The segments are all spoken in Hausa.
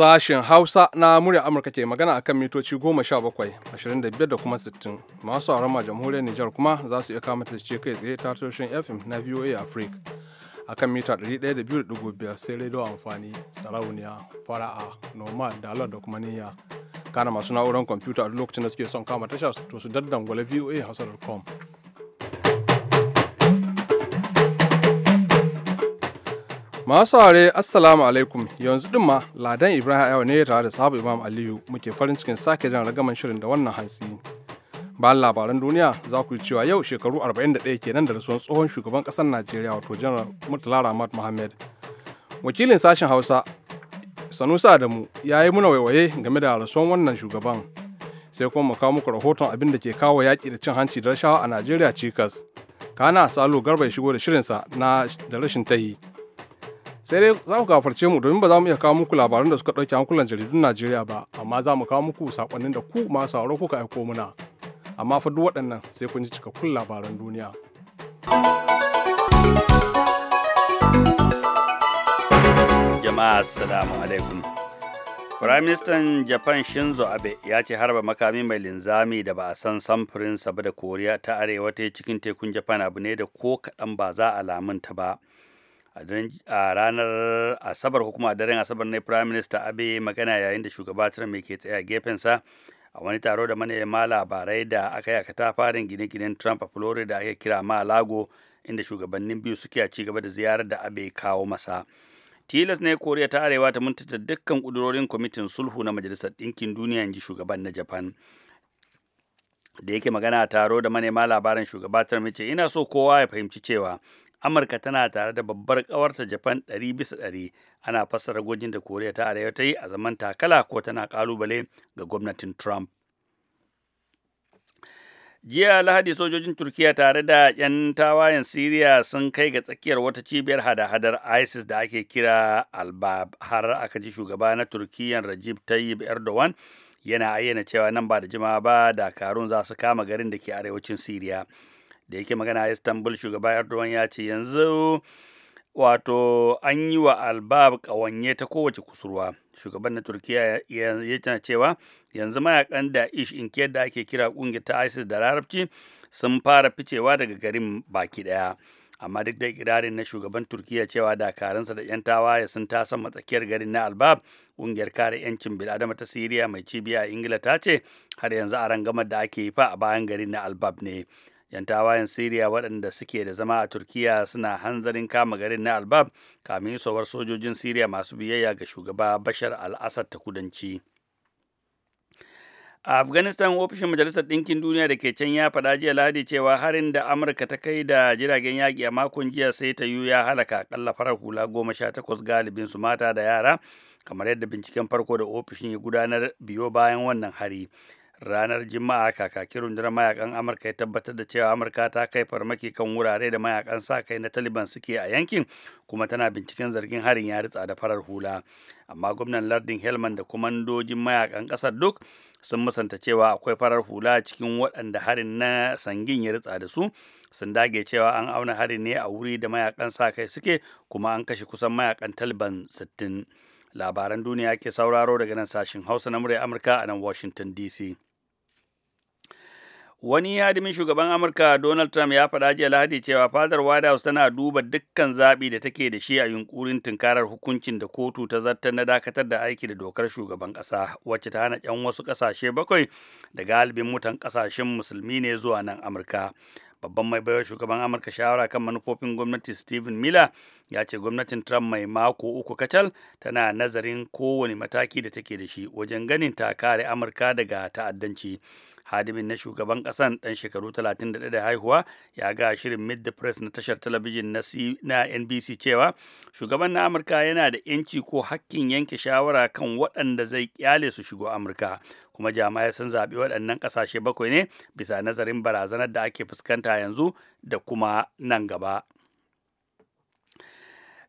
Sashen Hausa na murya Amurka ke magana akan mitoci 17, 25 da kuma 60. Masu a jamhuriyar Nijar kuma za su iya kamata ce kai tsaye ta tushen FM na VOA Africa. a kan mita 102.5 sai rediyo amfani sarauniya fara'a noma dalar da kuma niyya kana masu na'urar kwamfuta a lokacin da suke son kama tashar to su daddangwale voa hausa.com Masu saurare Assalamu alaikum yanzu din ma Ladan Ibrahim Ayo ne tare da sahabu Imam Aliyu muke farin cikin sake jan ragaman shirin da wannan hantsi. Bayan labaran duniya za ku yi cewa yau shekaru 41 nan da rasuwan tsohon shugaban ƙasar Najeriya wato Janar Murtala Ramad Mohammed. Wakilin sashen Hausa sanusi Adamu ya yi muna waiwaye game da rasuwan wannan shugaban. Sai kuma mu kawo muku rahoton abin da ke kawo yaƙi da cin hanci da rashawa a Najeriya cikas. Kana Salo Garba ya shigo da shirinsa na da rashin tahi. sai dai za ku gafarce mu domin ba za mu iya kawo muku labaran da suka ɗauki hankulan jaridun Najeriya ba amma za mu kawo muku sakonnin da ku masu sauraro kuka aiko muna amma fa duk waɗannan sai kun ji cikakkun labaran duniya. Jama'a assalamu alaikum. Minister Japan Shinzo Abe ya ce harba makami mai linzami da ba a san samfurinsa ba da Koriya ta Arewa ta cikin tekun Japan abu ne da ko kaɗan ba za a lamunta ba. a ranar asabar ko a daren asabar ne prime minister abe magana yayin da shugaba trump ke tsaye a gefensa a wani taro da manema labarai da aka yi a farin gine-ginen trump a florida aka kira ma lago inda shugabannin biyu suke a ci gaba da ziyarar da abe kawo masa tilas ne koriya ta arewa ta mintata dukkan kudurorin kwamitin sulhu na majalisar ɗinkin duniya in ji shugaban na japan da yake magana a taro da manema labaran shugaba trump ce ina so kowa ya fahimci cewa amurka tana tare da babbar kawarta japan 100 bisa 100 ana fassara gwajin da koriya ta arewa ta yi a zaman takala ko tana kalubale ga gwamnatin trump jiya lahadi sojojin turkiya tare da 'yan tawayen siriya sun kai ga tsakiyar wata cibiyar hada-hadar isis da ake kira albab har aka ji shugaba na turkiyan rajib tayyib erdogan yana ayyana cewa nan ba da jimawa ba da karun za su kama garin da ke arewacin siriya da yake magana a istanbul shugaba erdogan ya ce yanzu wato an yi wa albab kawanye ta kowace kusurwa shugaban na turkiya ya tana cewa yanzu mayakan da ish in da ake kira ƙungiyar ta isis da larabci sun fara ficewa daga garin baki daya amma duk da kirarin na shugaban turkiya cewa dakaransa da 'yan tawaye sun tasa matsakiyar garin na albab ƙungiyar kare 'yancin bil'adama ta siriya mai cibiya a ingila ta ce har yanzu a rangamar da ake yi fa a bayan garin na albab ne 'yan tawayen siriya waɗanda suke da zama a turkiya suna hanzarin kama garin na albab kamin sowar sojojin siriya masu biyayya ga shugaba bashar al-assad ta kudanci a afghanistan ofishin majalisar ɗinkin duniya da ke can ya faɗa jiya lahadi cewa harin da amurka ta kai da jiragen yaƙi a makon jiya sai ta yiwu ya halaka akalla farar hula goma sha takwas galibin su mata da yara kamar yadda binciken farko da ofishin ya gudanar biyo bayan wannan hari ranar juma'a kakakin rundunar mayakan amurka ya tabbatar da cewa amurka ta kai farmaki kan wurare da mayakan sa kai na taliban suke a yankin kuma tana binciken zargin harin ya ritsa da farar hula amma gwamnan lardin helman da kumandojin mayakan kasar duk sun musanta cewa akwai farar hula cikin waɗanda harin na sangin ya ritsa da su sun dage cewa an auna harin ne a wuri da mayakan sa kai suke kuma an kashe kusan mayakan taliban sittin. labaran duniya ke sauraro daga nan sashen hausa na murya amurka a nan washington dc Wani hadimin shugaban Amurka Donald Trump ya faɗa jiya Lahadi cewa fadar White House tana duba dukkan zaɓi da take da shi a yunkurin tunkarar hukuncin da kotu ta zartar na dakatar da aiki da dokar shugaban ƙasa wacce ta hana 'yan wasu ƙasashe bakwai da galibin mutan ƙasashen musulmi ne zuwa nan Amurka. Babban mai baiwa shugaban Amurka shawara kan manufofin gwamnati Stephen Miller ya ce gwamnatin Trump mai mako uku kacal tana nazarin kowane mataki da take da shi wajen ganin ta kare Amurka daga ta'addanci. hadimin na shugaban ƙasan ɗan shekaru 31 da haihuwa ya ga shirin mid the press na tashar talabijin na nbc cewa shugaban na amurka yana da yanci ko hakkin yanke shawara kan waɗanda zai kyale su shigo amurka kuma jama'a sun zaɓi waɗannan ƙasashe bakwai ne bisa nazarin barazanar da ake fuskanta yanzu da kuma nan gaba.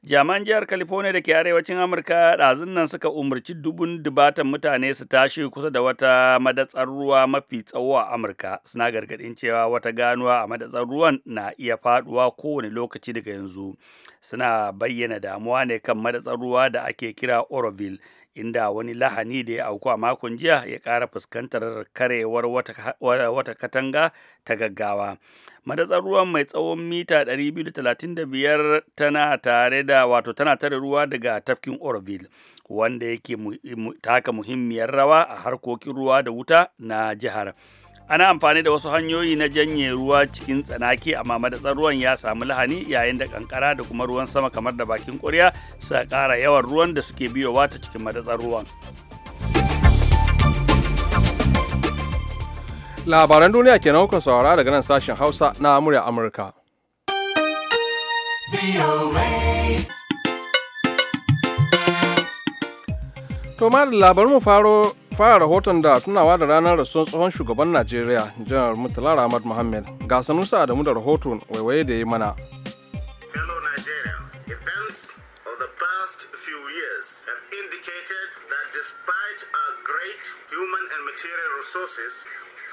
Jaman jihar california da ke arewacin amurka ɗazun nan suka umarci dubun dubatan mutane su tashi kusa da wata madatsar ruwa mafi tsawo a amurka suna gargaɗin cewa wata ganuwa a madatsar ruwan na iya faɗuwa kowane lokaci daga yanzu suna bayyana damuwa ne kan madatsar ruwa da ake kira oroville inda wani lahani da ya auku a makon jiya ya ƙara fuskantar karewar wata katanga ta gaggawa madatsar ruwan mai tsawon mita 235 tana tare da wato tana tare ruwa daga tafkin Orville, wanda yake taka muhimmiyar rawa a harkokin ruwa da wuta na jihar. Ana amfani da wasu hanyoyi na janye ruwa cikin tsanaki amma madatsar ruwan ya samu lahani yayin da kankara da kuma ruwan sama kamar da bakin ƙwarya suka ƙara yawan ruwan da suke biyowa ta cikin madatsar ruwan. labaran duniya ke nan saurara daga nan sashen hausa na murya amurka to ma da labarin mu faro fara rahoton da tunawa da ranar rasuwar tsohon shugaban najeriya janar murtala ramad muhammad ga sanusa adamu da rahoton waiwaye da ya mana indicated that despite our great human and material resources,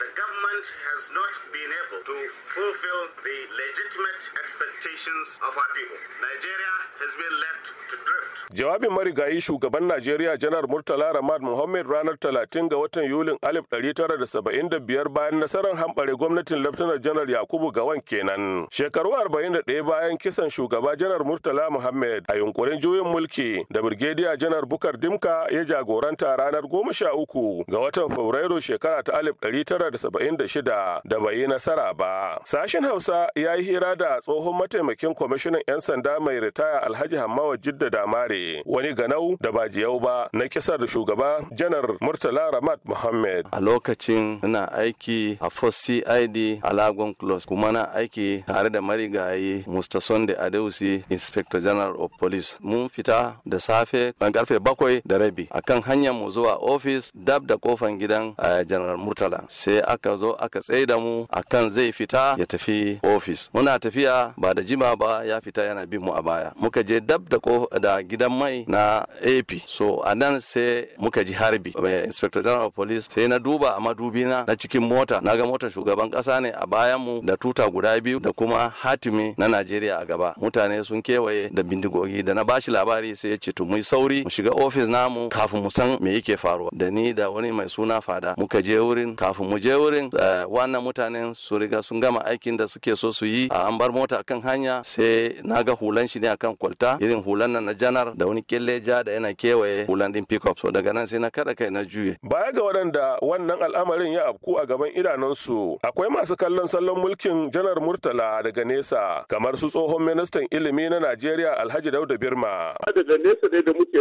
the government has not been able to fulfill the legitimate expectations of our people. Nigeria has been left to drift. Jawabin marigayi shugaban Najeriya Janar Murtala Ramad Mohammed ranar 30 ga watan Yulin 1975 bayan nasarar hambare gwamnatin Laftanar Janar Yakubu Gawan kenan. Shekaru 41 bayan kisan shugaba Janar Murtala Mohammed a yunkurin juyin mulki da Birgediya Janar Bukar Dimka ya jagoranta ranar 13 ga watan Fabrairu shekara ta 1900 1976 da bai yi nasara ba. Sashen Hausa ya yi hira da tsohon mataimakin kwamishinan 'yan sanda mai ritaya Alhaji Hammawa Jidda Damare wani ganau da ba jiyau ba na kisar shugaba Janar Murtala Ramat Muhammad. A lokacin na aiki a First CID a Lagon Close kuma na aiki tare da marigayi Musta Sunday Adeusi Inspector General of Police. Mun fita da safe karfe bakwai da rabi akan hanyar mu zuwa ofis dab da kofan gidan eh, a General Murtala. Sai sai aka zo aka tsaye da mu a kan zai fita ya tafi ofis muna tafiya ba da jima ba ya fita yana bin mu a baya muka je dab da da gidan mai na AP so a nan sai muka ji harbi inspector general of police sai na duba a madubina na cikin mota na ga motar shugaban kasa ne a bayan mu da tuta guda biyu da kuma hatimi na Najeriya a gaba mutane sun kewaye da bindigogi da na bashi labari sai ya ce to mu sauri mu shiga ofis namu kafin mu san me yake faruwa da ni da wani mai suna fada muka je wurin kafin mu je je wurin eh, wannan mutanen su riga sun gama aikin da suke so su yi ah, an bar mota kan hanya sai na ga hulan shi ne akan kwalta irin hulan nan na janar da wani kille ja da yana kewaye hulan din pickup so daga nan sai na kada kai na juye baya ga waɗanda wannan al'amarin ya afku a gaban su. akwai masu kallon sallon mulkin janar murtala daga nesa kamar su tsohon ministan ilimi na najeriya alhaji dauda birma daga nesa dai da muke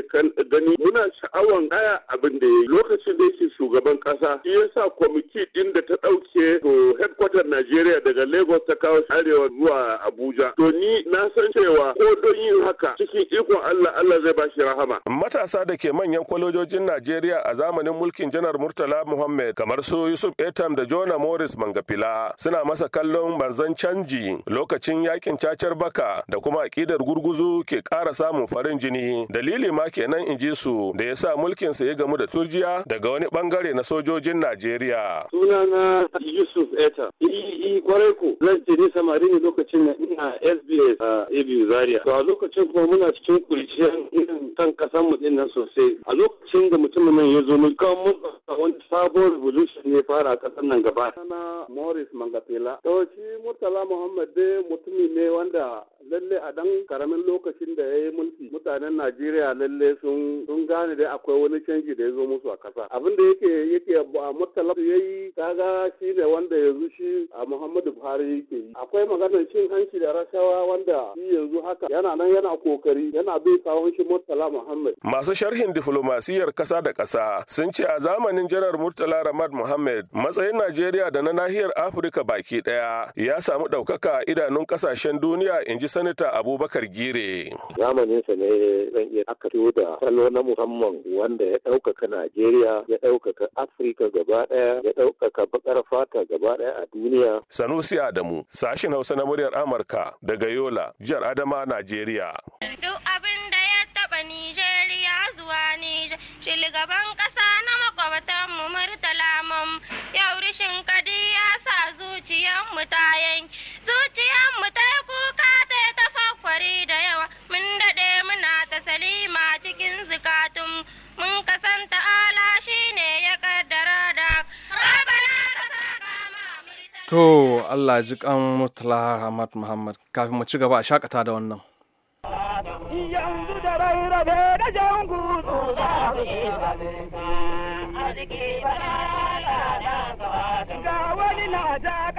gani muna sha'awan kaya abin da ya yi lokacin da yake shugaban kasa shi yasa kwamiti inda ta ɗauke to headquarter Najeriya daga Lagos ta kawo arewa zuwa Abuja. To ni na san cewa ko don yin haka cikin ikon Allah Allah zai bashi rahama. Matasa da ke manyan kwalojojin Najeriya a zamanin mulkin Janar Murtala Muhammad kamar su Yusuf Etam da Jona Morris Mangafila suna masa kallon banzan canji lokacin yakin cacar baka da kuma akidar gurguzu ke ƙara samun farin jini. Dalili ma kenan in ji su da ya sa mulkinsa ya gamu da turjiya daga wani bangare na sojojin Najeriya. suna na Yusuf Eta. Iyi kwarai ku zan ce nisa samari ne lokacin na ina SBS a Abu Zaria. To a lokacin kuma muna cikin kurciyar irin kan kasan mu din nan sosai. A lokacin da mutumin nan ya zo mun kawo mun wani sabon revolution ne fara a kasan nan gaba. Sana Morris Mangatela. To Murtala Muhammad dai mutumi ne wanda lalle a dan karamin lokacin da ya yi mulki mutanen najeriya lalle sun gane da akwai wani canji da ya zo musu a kasa abin da yake yake a murtala ya yi kaga shi ne wanda yanzu shi a muhammadu buhari yake yi akwai maganar cin hanci da rashawa wanda shi yanzu haka yana nan yana kokari yana bin sawon shi murtala muhammad masu sharhin diflomasiyar kasa da kasa sun ce a zamanin janar murtala ramad muhammad matsayin najeriya da na nahiyar afirka baki daya ya samu ɗaukaka idanun kasashen duniya in ji sanata abubakar gire zamaninsa ne zan iya aka da salo na musamman wanda ya ɗaukaka najeriya ya ɗaukaka afirka gaba ɗaya ya ɗaukaka bakar fata gaba ɗaya a duniya sanusi adamu sashin hausa na muryar amurka daga yola jihar adama najeriya duk abin da ya taɓa nijeriya zuwa nijar shugaban ƙasa na makwabtan mu murtala mun yau rishin kadi ya sa zuciyar mu ta yanki zuciyar mu ta kuka ta ta fakwari da yawa mun daɗe muna ta salima cikin zukatun mun kasanta ala shi ne ya kaddara da To Allah ji kan Murtala Ahmad Muhammad kafin mu ci gaba a shakata da wannan. Yanzu da rai rabe da za Ga wani na ta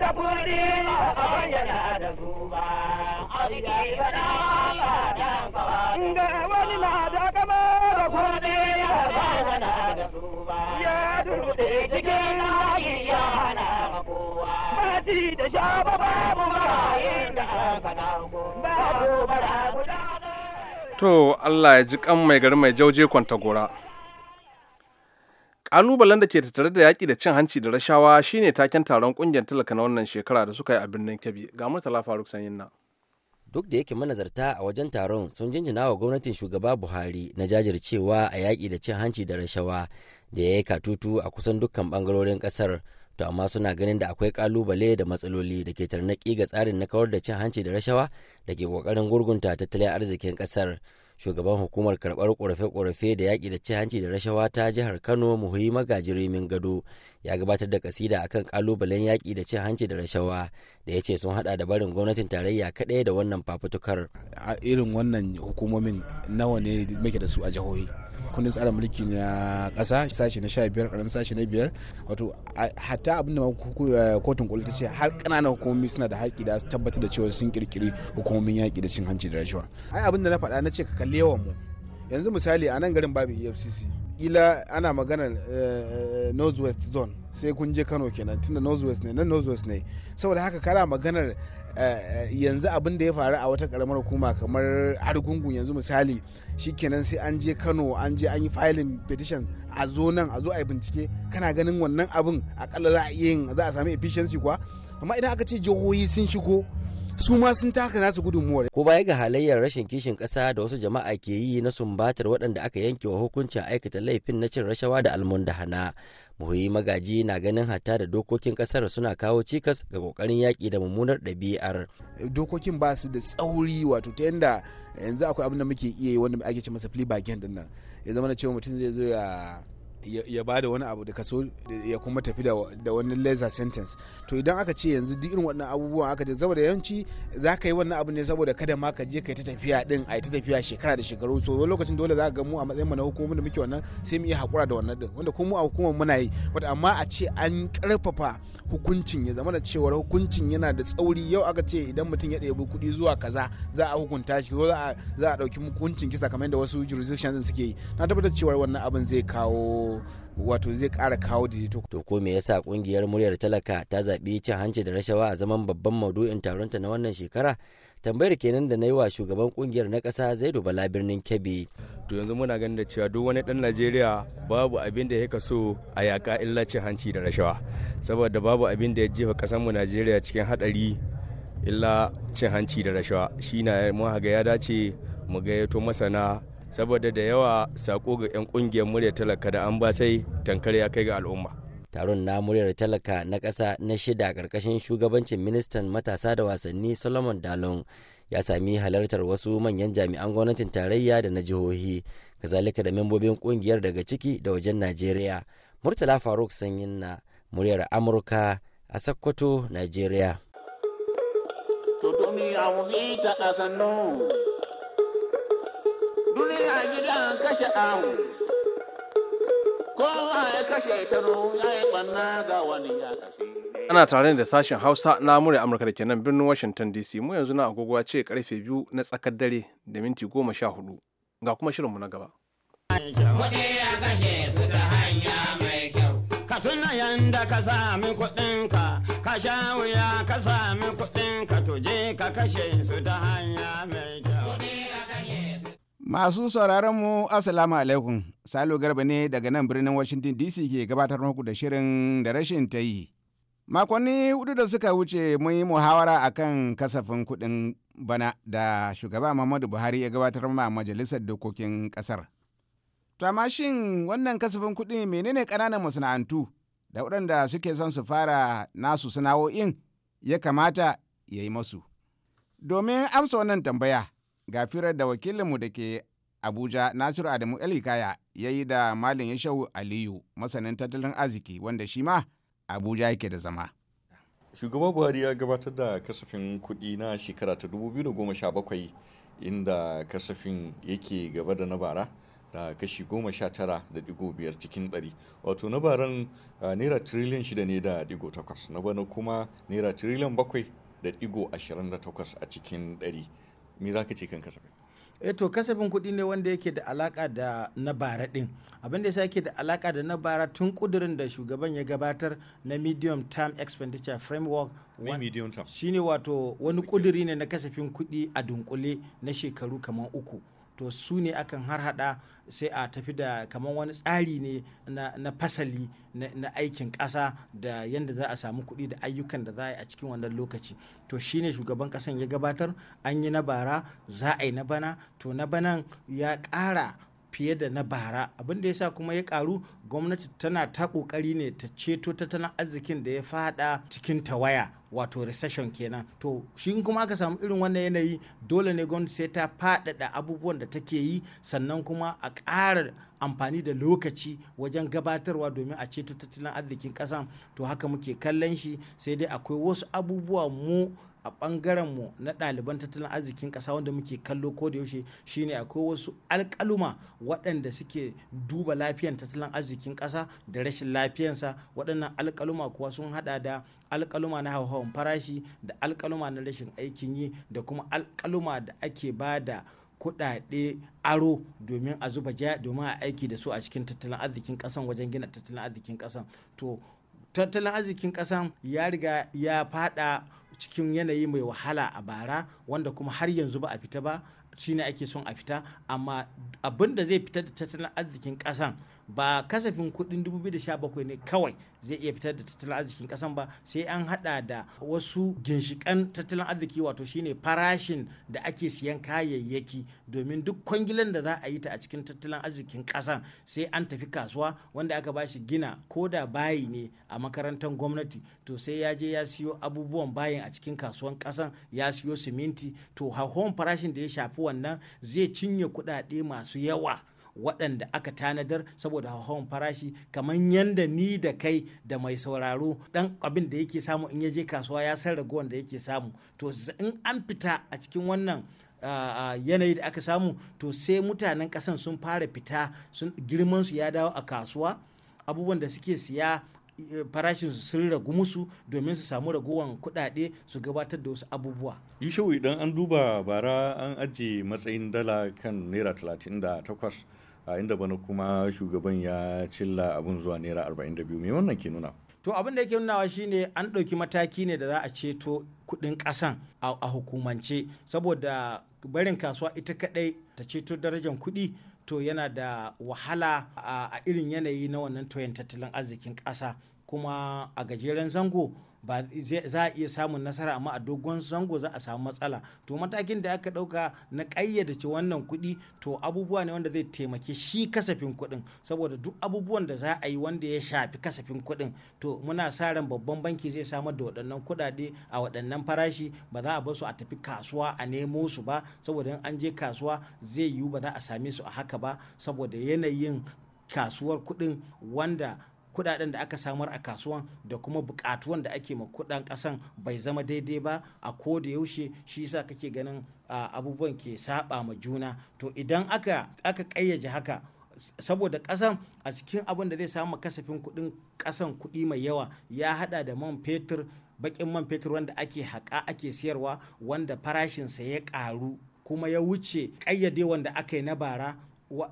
da kuri a bayyana da zuba. ga wani na da kama da kudi ya zana da duba ya durkuɗe cikin hali ya hana makowa ba da sha ba babu marayin da aka dago babu bara guda To Allah ya ji kan mai gari mai jauje kwanta gora. Ƙalubalen da ke tattare da yaƙi da cin hanci da rashawa shine taken taron ƙungiyar talaka na wannan shekara da suka yi a birnin kebbi ga murtala faruk sanyin nan duk da yake manazarta a wajen taron sun jinjina wa gwamnatin shugaba buhari na jajircewa a yaƙi da cin hanci da rashawa da ya yi katutu a kusan dukkan bangarorin ƙasar to amma suna ganin da akwai ƙalubale da matsaloli da ke tarnaki ga tsarin na kawar da cin hanci da rashawa da ke ƙoƙarin gurgunta tattalin arzikin ƙasar shugaban hukumar karbar ƙorafe-ƙorafe da yaƙi da cin hanci da rashawa ta jihar kano muhimmi magajiri min gado ya gabatar da kasida akan kalubalen yaƙi da cin hanci da rashawa da ya ce sun hada da barin gwamnatin tarayya kaɗai da wannan fafutukar irin wannan hukumomin nawa ne muke da su a jihohi kundin tsarin mulki na ƙasa sashi na 15 ƙaramin sashi na 5 wato hatta abinda eh, kotun koli ta ce har ƙananan hukumomi suna da haƙƙi da tabbatar da cewa sun kirkiri hukumomin yaƙi da cin hanci da rashawa ai da na faɗa na ce ka kalli yawan mu yanzu misali a nan garin babu efcc kila ana maganar eh, eh, northwest zone sai kun je kano kenan tunda northwest ne nan northwest ne saboda haka kana maganar Eh, eh, yanzu abin da ya faru a wata karamar hukuma kamar argungun yanzu misali shikenan sai an je kano an je an yi filin petition a zo nan a zo a yi bincike kana ganin wannan abin akalla za a yin za a sami efficiency kuwa amma idan aka ce jihohi sun shigo su ma sun taka nasu gudunmuwar. Ko baya ga halayyar rashin kishin ƙasa da wasu jama'a ke yi na sumbatar waɗanda aka yanke wa hukuncin aikata laifin na cin rashawa da almundahana. muhimmi magaji na ganin hatta da dokokin kasar suna kawo cikas ga kokarin yaƙi da mummunar ɗabi'ar dokokin ba su da tsauri wato ta yanda yanzu akwai abin da muke iya yi wanda ake ce masa plea bargain din nan ya zama na cewa mutum zai zo ya ya ba da wani abu da kaso ya kuma tafi da wani laser sentence to idan aka ce yanzu duk irin waɗannan abubuwan aka ce saboda yawanci za ka yi wannan abu ne saboda kada ma ka je ka yi ta tafiya din a yi ta tafiya shekara da shekaru so wani lokacin dole za ka ga mu a matsayin mu na hukumomin da muke wannan sai mu iya haƙura da wannan din wanda kuma a hukumar muna yi wata amma a ce an ƙarfafa hukuncin ya zama da cewar hukuncin yana da tsauri yau aka ce idan mutum ya ɗebi kuɗi zuwa kaza za a hukunta shi ko za a ɗauki hukuncin kisa kamar yadda wasu jurisdictions suke yi na tabbatar cewa wannan abin zai kawo wato zai kara kawo daidaito. To ko me yasa kungiyar muryar talaka ta zaɓi cin hanci da rashawa a zaman babban maudu'in ta na wannan shekara? Tambayar kenan da na yi wa shugaban kungiyar na ƙasa zai duba birnin Kebbi. To yanzu muna ganin da cewa duk wani ɗan Najeriya babu abin da ya kaso a yaƙa illa cin hanci da rashawa. Saboda babu abin da ya jefa ƙasarmu Najeriya cikin haɗari illa cin hanci da rashawa. Shi na ya dace mu gayyato masana saboda da yawa sako ga 'yan kungiyar murya talaka da an ba sai tankar ya kai ga al'umma taron na muryar talaka na ƙasa na shida ƙarƙashin shugabancin ministan matasa da wasanni solomon dalon ya sami halartar wasu manyan jami'an gwamnatin tarayya da na jihohi kazalika da membobin ƙungiyar daga ciki da wajen najeriya murtala faruk sanyin na muryar amurka a sakkwato najeriya kowa ya kashe ta ya ana tare da sashen hausa na murya amurka da ke nan birnin washington dc mu yanzu na agogowa ce karfe biyu na tsakar dare da minti goma sha hudu ga kuma shirinmu na gaba Ka tuna yanda ka sami kuɗinka, ka ka sami kuɗinka, to ka kashe su ta hanya mai kyau. Masu sauraron mu Assalamu alaikum. Salo Garba ne daga nan birnin Washington DC ke gabatar muku da shirin da rashin ta yi. Makonni hudu da suka wuce mun yi muhawara kan kasafin kuɗin bana da shugaba Muhammadu Buhari ya gabatar ma majalisar dokokin ƙasar. To amma shin wannan kasafin kuɗi menene ƙananan masana'antu da waɗanda suke son su fara nasu sana'o'in ya kamata ya yi masu? Domin amsa wannan tambaya, ga firar da wakilinmu da ke Abuja Nasiru Adamu Elikaya ya yi da Malin Yashau Aliyu masanin tattalin arziki wanda shi ma Abuja yake da zama. Shugaba Buhari ya gabatar da kasafin kuɗi na shekara ta 2017 inda kasafin yake gaba da na bara da kashi 19.5 cikin 100 wato na baran ah, naira triliyan 6 ne da digo 8 na bana kuma naira triliyan 7 da digo 28 a cikin 100 me za ka ce kan kasafin eh to kasafin kuɗi ne wanda yake da alaka da na bara ɗin abin da yake da alaka da na bara tun kudurin da shugaban ya gabatar na medium term expenditure framework shine wato wani kuduri ne na kasafin kuɗi a dunkule na shekaru kamar uku to su ne akan harhaɗa sai a tafi da kamar wani tsari ne na, fasali na, aikin ƙasa da yadda za a samu kuɗi da ayyukan da za a yi a cikin wannan lokaci to shi ne shugaban ƙasan ya gabatar an yi na bara za a yi na bana to na banan ya ƙara fiye da na bara abin da ya sa kuma ya karu gwamnati tana ta kokari ne ta ceto tattalin arzikin da ya fada cikin tawaya wato recession kenan to shi kuma aka samu irin wannan yanayi dole ne gwamnati sai ta fadada abubuwan da take yi sannan kuma a ƙara amfani da lokaci wajen gabatarwa domin a ceto tattalin arzikin ƙasa to haka muke kallon shi sai dai akwai wasu abubuwa mu a bangaren mu na ɗaliban tattalin arzikin ƙasa wanda muke kallo ko da yaushe shine akwai wasu alƙaluma waɗanda suke duba lafiyan tattalin arzikin ƙasa da rashin lafiyansa waɗannan alƙaluma kuwa sun hada da alƙaluma na hauhawan farashi da alƙaluma na rashin aikin yi da kuma alƙaluma da ake ba da kuɗaɗe aro domin a zuba domin a aiki da su a cikin tattalin arzikin ƙasan wajen gina tattalin arzikin ƙasan to tattalin arzikin ƙasan ya riga ya fada cikin yanayi mai wahala a bara wanda kuma har yanzu ba a fita ba shi ne ake son a fita amma abin da zai fita da tattalin arzikin ƙasan ba kasafin kuɗin 2017 ne kawai zai iya fitar da tattalin arzikin ƙasan ba sai an hada da wasu ginshikan tattalin arziki wato shine farashin da ake siyan kayayyaki domin duk kwangilan da za a yi ta a cikin tattalin arzikin ƙasan sai an tafi kasuwa wanda aka ba shi gina ko da bayi ne a makarantar gwamnati to sai ya je ya siyo abubuwan bayin a cikin kasuwan ƙasan ya siyo siminti to hahon farashin da ya shafi wannan zai cinye kuɗaɗe masu yawa waɗanda aka tanadar saboda hauhawan farashi kamar yadda ni da kai da mai sauraro ɗan abin da yake samu in ya je kasuwa ya san ragowar da yake samu to in an fita a cikin wannan yanayi da aka samu to sai mutanen ƙasan sun fara fita sun girman su ya dawo a kasuwa abubuwan da suke siya eh, farashin su sun ragu musu domin su samu raguwan kuɗaɗe su gabatar da wasu abubuwa. Yushewu idan an duba bara an ajiye matsayin dala kan naira 38 a inda bana kuma shugaban ya cilla abun zuwa naira 42 me wannan ke nuna to abin da yake nunawa shine an ɗauki mataki ne da za a ceto kuɗin ƙasan a hukumance saboda barin kasuwa ita kaɗai ta ceto darajar kuɗi to yana da wahala a irin yanayi na wannan toyin tattalin arzikin ƙasa kuma a gajeren zango ba za a iya samun nasara amma a dogon zango za a samu matsala to matakin da aka dauka na kayyada ci wannan kuɗi to abubuwa ne wanda zai taimaki shi kasafin kuɗin saboda duk abubuwan da za a yi wanda ya shafi kasafin kuɗin to muna sa ran babban banki zai samar da waɗannan kuɗaɗe a waɗannan farashi ba za a bar su a tafi kasuwa a nemo su ba saboda in an je kasuwa zai yiwu ba za a same su a haka ba saboda yanayin kasuwar kuɗin wanda kudaden da aka samar a kasuwan da kuma bukatuwan da ake ma kudan kasan bai zama daidai ba a ko da yaushe shi yasa kake ganin abubuwan ke saba ma juna to idan aka aka kayyaje haka saboda kasan a cikin abin da zai samu kasafin kudin kasan kudi mai yawa ya hada da man fetur bakin man fetur wanda ake haƙa ake siyarwa wanda farashinsa ya ƙaru kuma ya wuce ƙayyade wanda aka yi na bara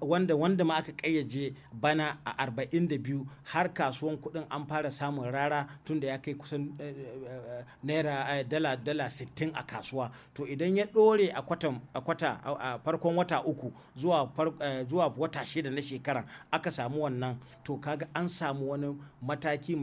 wanda wanda ma aka kayyaje bana a arba'in da biyu har kasuwan kudin an fara samun rara tun da ya kai kusan eh, eh, naira eh, dala dala 60 a kasuwa to idan ya dore a kwata a farkon wata uku zuwa wata shida na shekara aka samu wannan to kaga an samu wani mataki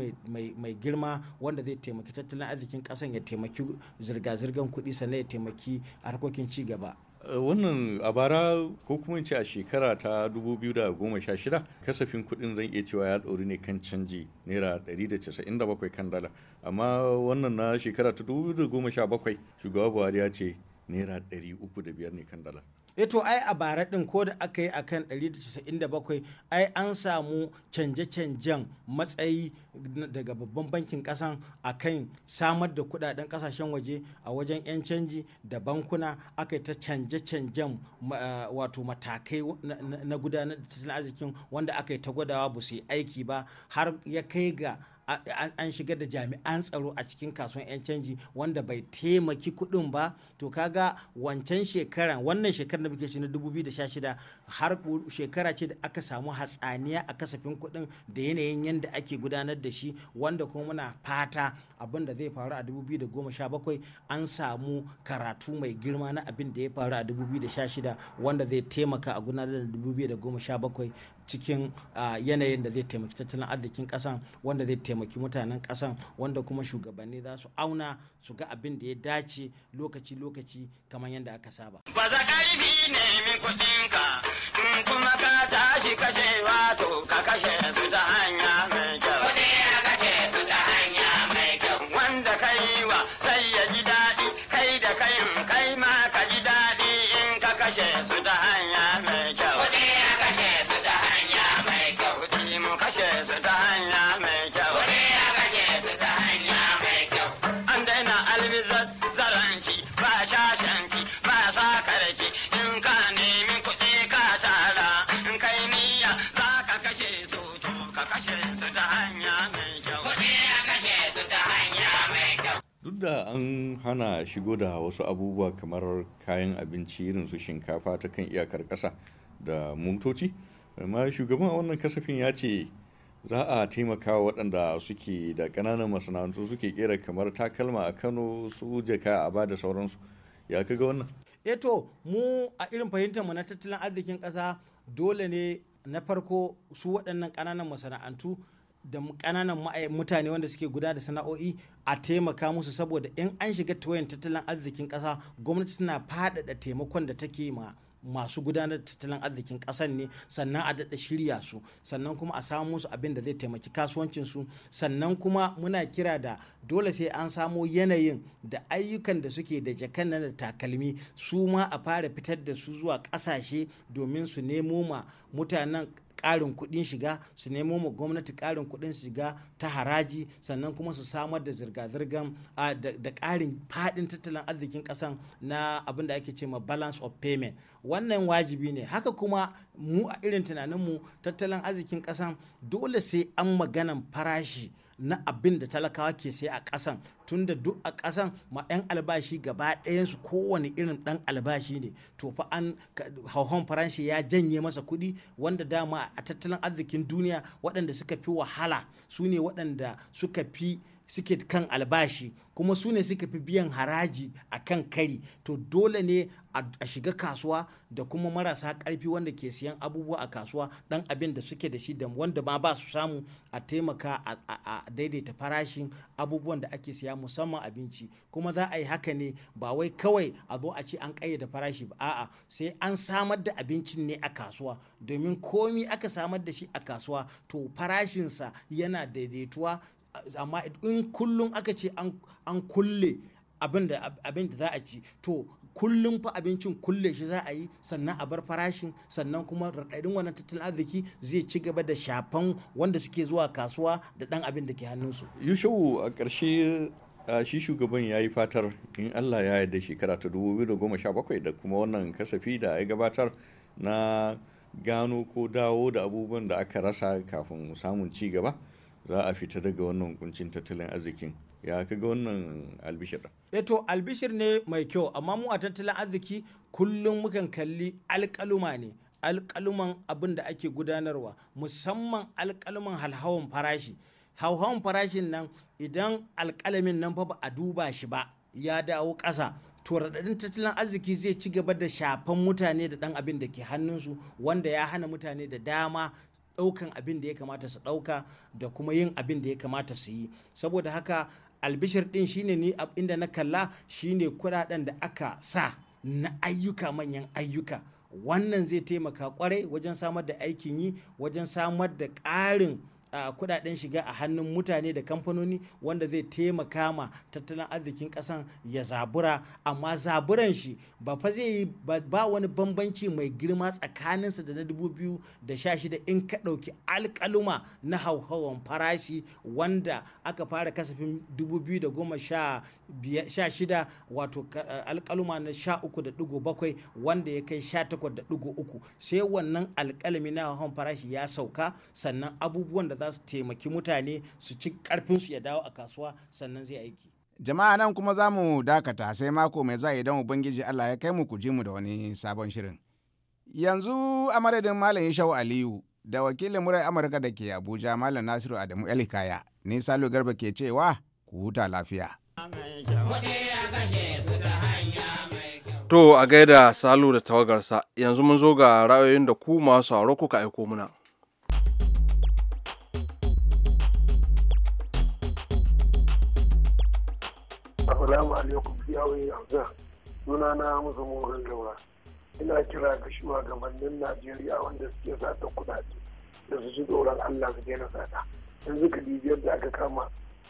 mai girma wanda zai taimaki tattalin arzikin kasan ya taimaki zirga-zirgar kuɗi sannan ya taimaki harkokin ci gaba Eh, wannan a bara ko kuma ce a shekara ta 2016 kasafin kudin zan iya cewa ya ɗori ne kan canji naira 197 kan dala amma wannan na shekara ta 2017 shugaba buhari ya ce naira 305 ne kan dala eto eh ai a bara din ko da aka yi akan 197 ai an samu canje-canjen matsayi daga babban bankin kasan akan samar da kudaden kasashen waje a wajen 'yan canji da bankuna aka yi ta canje-canjen wato matakai na gudanar da tattalin arzikin wanda aka yi ta gwadawa ba su yi aiki ba har ya kai ga an shigar da jami'an tsaro a cikin kasuwan 'yan canji wanda bai taimaki kuɗin ba to kaga wancan shekaran wannan shekarar da muke na 2016 har shekara ce da aka samu hatsaniya a kasafin kuɗin da yanayin yadda ake gudanar da shi wanda kuma muna fata abin da zai faru a 2017 an samu karatu mai girma na abin da ya faru a 2016 wanda zai taimaka a gudanar da 2017 cikin yanayin da zai taimaki tattalin arzikin kasan wanda zai taimaki mutanen kasan wanda kuma shugabanni za su auna su ga abin da ya dace lokaci-lokaci kamar yadda aka saba. Baza ƙarfi nemi kuɗinka in kuma ka tashi kashe wato ka kashe su ta hanya mai kyau. Kuɗi ya kashe su ta hanya mai kyau. Wanda ka yi wa sai ya ji daɗi kai da kayin kai ma ka ji daɗi in ka kashe su ta hanya mai su ta hanya mai kyau. Kuɗi a kashe su ta hanya mai kyau. An daina albizar zaranci ba shashanci ba sakarci in ka nemi kuɗi ka tara in kai niyya za ka kashe su to ka kashe su ta hanya mai kyau. Kuɗi a kashe su ta hanya mai kyau. Duk da an hana shigo da wasu abubuwa kamar kayan abinci irin su shinkafa ta kan iyakar ƙasa da motoci, amma shugaban wannan kasafin ya ce za a taimaka waɗanda suke da ƙananan masana'antu suke kera kamar takalma a kano su jaka a ba da sauransu ya kaga wannan eto eh mu a irin fahimtar mu na tattalin arzikin ƙasa dole ne na farko su waɗannan ƙananan masana'antu da ƙananan mutane wanda suke guda da sana'o'i a taimaka musu saboda in an shiga tawayin tattalin arzikin ƙasa gwamnati tana faɗaɗa taimakon da take ma masu gudanar tattalin arzikin kasan ne sannan a daɗa shirya su sannan kuma a samo su abin da zai taimaki kasuwancin su sannan kuma muna kira da dole sai an samo yanayin da ayyukan da suke da jakan da takalmi su ma a fara fitar da su zuwa ƙasashe domin su nemo ma mutanen ƙarin kuɗin shiga su nemo mu gwamnati ƙarin kuɗin shiga ta haraji sannan kuma su samar da zirga-zirgan da ƙarin faɗin tattalin arzikin ƙasan na abin da ake ce ma balance of payment wannan wajibi ne haka kuma mu a irin tunaninmu tattalin arzikin ƙasan dole sai an maganan farashi na abin da talakawa ke sai a ƙasan da duk a ƙasan ma 'yan albashi gaba ɗayansu kowane irin ɗan albashi ne to fa an hauhon faranshi ya janye masa kuɗi wanda dama a tattalin arzikin duniya waɗanda suka fi wahala su ne waɗanda suka fi suke kan albashi kuma su ne suka fi biyan haraji a kan kari to dole ne a shiga kasuwa da kuma marasa karfi wanda ke siyan abubuwa a kasuwa dan abin da suke da shi da wanda ma ba su samu a taimaka a daidaita farashin abubuwan da ake siya musamman abinci kuma za a yi haka ne ba wai kawai a zo a ce an kayyada farashi ba a'a sai an samar da abincin ne a kasuwa domin komi aka samar da shi a kasuwa to farashinsa yana daidaituwa amma in kullum aka ce an kulle abin da za a ci to kullum fa abincin kulle shi za a yi sannan a bar farashin sannan kuma raɗaɗin wannan tattalin arziki zai ci gaba da shafan wanda suke zuwa kasuwa da ɗan abin da ke hannunsu. yushewu a ƙarshe shi shugaban ya yi fatar in allah ya yarda shekara ta 2017 da kuma wannan kasafi da ya gabatar na gano ko dawo da abubuwan da aka rasa kafin samun ci gaba. za a fita daga wannan kuncin tattalin arzikin ya kaga wannan albishir eto eh albishir ne mai kyau amma mu a tattalin arziki kullum mukan kalli alkaluma ne alkaluman abin da ake gudanarwa musamman alkaluman halhawan farashi hauhawan farashin nan idan alkalamin nan fa ba a duba shi ba ya dawo ƙasa to raɗaɗin tattalin arziki zai ci gaba da shafan mutane da ɗan abin da ke hannunsu wanda ya hana mutane da dama ɗaukan abin da ya kamata su ɗauka da kuma yin abin da ya kamata su yi saboda haka albishir ɗin shine ni inda na kalla shine kuɗaɗen da aka sa na ayyuka manyan ayyuka wannan zai taimaka kwarai wajen samar da aikin yi wajen samar da ƙarin kudaden shiga a hannun mutane da kamfanoni wanda zai taimaka ma tattalin arzikin kasan ya zabura amma zaburan shi ba fa zai yi ba wani bambanci mai girma tsakaninsa da na 2016 in ka ɗauki alkaluma na hauhawan farashi wanda aka fara kasafin sha. 16 shida wato eh, alkaluma na sha bakwai wanda ya kai sha uku sai wannan alkalami na hawan farashi ya sauka sannan abubuwan da za su taimaki mutane su ci karfinsu ya dawo a kasuwa sannan zai aiki jama'a nan kuma za mu dakata sai mako mai zuwa idan ubangiji allah ya kai mu ku ji mu da wani sabon shirin yanzu a madadin malam ishau aliyu da wakilin murar amurka da ke abuja malam nasiru adamu elikaya ni salo garba ke cewa ku huta lafiya To a gaida Salu da tawagarsa yanzu mun zo ga ra'ayoyin da ku masu aro kuka aiko muna. Assalamu alaikum yawon yanzu suna na musu morin Ina kira ga shugabannin Najeriya wanda suke sata kudade da su ji tsoron Allah su na sata. Yanzu ka bibiyar da aka kama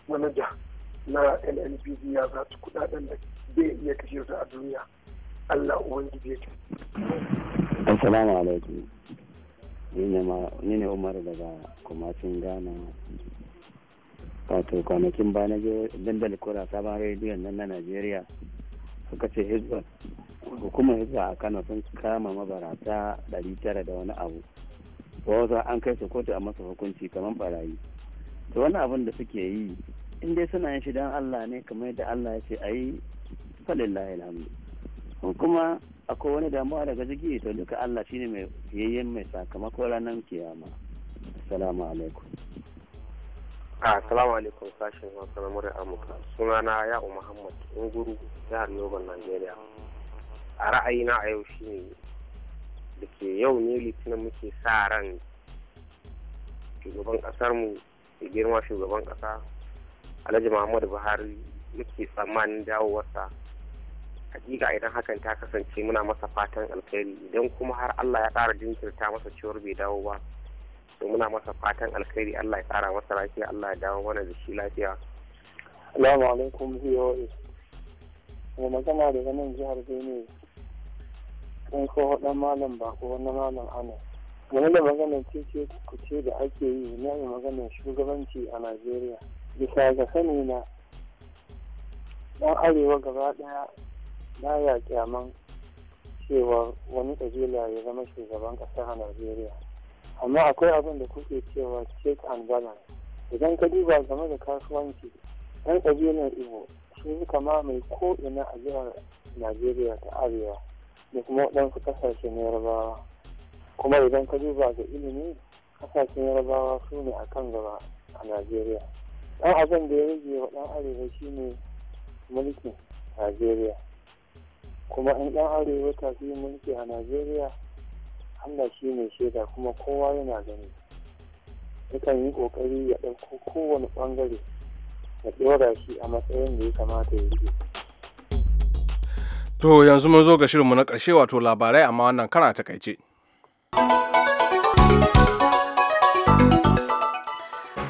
manaja na LNPD ya za su kudaden da bai iya kashe su a duniya allah ubangiji ya ce assalamu alaikum ni ne umar daga kumacin ghana wato kwanakin ba na je dandali kura sabon rediyon nan na najeriya suka ce hizba hukumar hizba a kano sun kama mabarata 900 da wani abu wasu an kai su kotu a masa hukunci kamar barayi to wani abin da suke yi in dai suna yin shi don Allah ne kamar yadda Allah ya ce a yi falillahi alhamdu kuma akwai wani damuwa daga jiki to duka Allah shine mai yayyen mai sakamako ranar kiyama assalamu alaikum ah, assalamu alaikum sashen wasu na murar amurka sunana ya'u muhammad unguru jihar yoban najeriya a ra'ayina a yau shi ne da ke yau ne litinin muke sa ran shugaban kasar mu girma shugaban kasa alhaji muhammadu buhari muke tsammanin dawowarsa hakika idan hakan ta kasance muna masa fatan alkhairi idan kuma har allah ya ƙara jinkirta masa cewar bai dawo ba to muna masa fatan alkhairi allah ya ƙara masa lafiya allah ya dawo mana da shi lafiya Salamu alaikum VOA. Mai magana daga nan jihar bene Sun ko dan malam ba ko wani malam ana. Game da maganar cece ce da ake yi na maganar shugabanci a Najeriya. bisa ga sani na ɗan arewa gaba ɗaya na ya kyaman cewa wani ƙabila ya zama shugaban ƙasa a najeriya amma akwai abin da kuke cewa check and balance idan ka duba game da kasuwanci ɗan ƙabilar igbo sun suka ko ina a jihar najeriya ta arewa da kuma waɗansu ƙasashen yarbawa kuma idan ka duba ga ilimi ƙasashen yarbawa su ne a kan gaba a najeriya ɗan abin da ya rage wa ɗan arewa shine mulkin najeriya kuma in ɗan arewa ta fi mulki a najeriya allah shi ne shaida kuma kowa yana gani yakan yi kokari ya ɗauko kowane ɓangare ya ɗora shi a matsayin da ya kamata ya rike to yanzu mun zo ga shirinmu na ƙarshe wato labarai amma wannan kana takaice.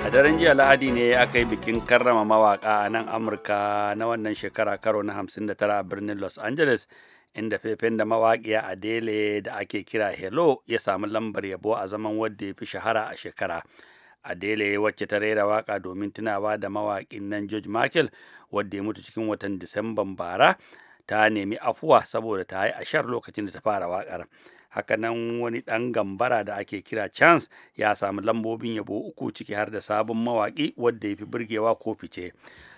daren jiya lahadi ne aka yi bikin karrama mawaka a nan amurka na wannan shekara karo na 59 a birnin los angeles inda fefen da mawaƙiya adele da ake kira hello ya samu lambar yabo a zaman wadda ya fi shahara a shekara adele wacce ta rera waka domin tunawa da mawaƙin nan george michael wadda ya mutu cikin watan disamban bara ta nemi afuwa saboda ta yi a shar lokacin da ta fara waƙar hakanan wani ɗan gambara da ake kira chance ya samu lambobin yabo uku ciki har da sabon mawaƙi wadda ya fi burgewa ko fice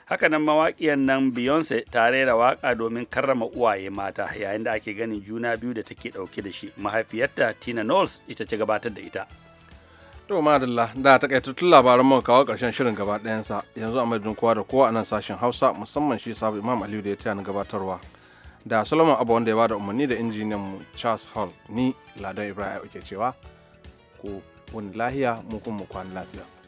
hakanan mawaƙiyan nan beyonce tare da waƙa domin karrama uwaye mata yayin da ake ganin juna biyu da take dauke da shi mahaifiyarta tina knowles ita ce gabatar da ita To madalla da takaitattun labaran muka kawo karshen shirin gaba ɗayansa yanzu a madadin kowa da kowa a nan sashen Hausa musamman shi sabu Imam Aliyu da ya taya ni gabatarwa. da solomon abu wanda ya bada umarni da injiniyan mu charles hall ni ladan ibrahim ke cewa ku wani lahiya mu kuma kwan lafiya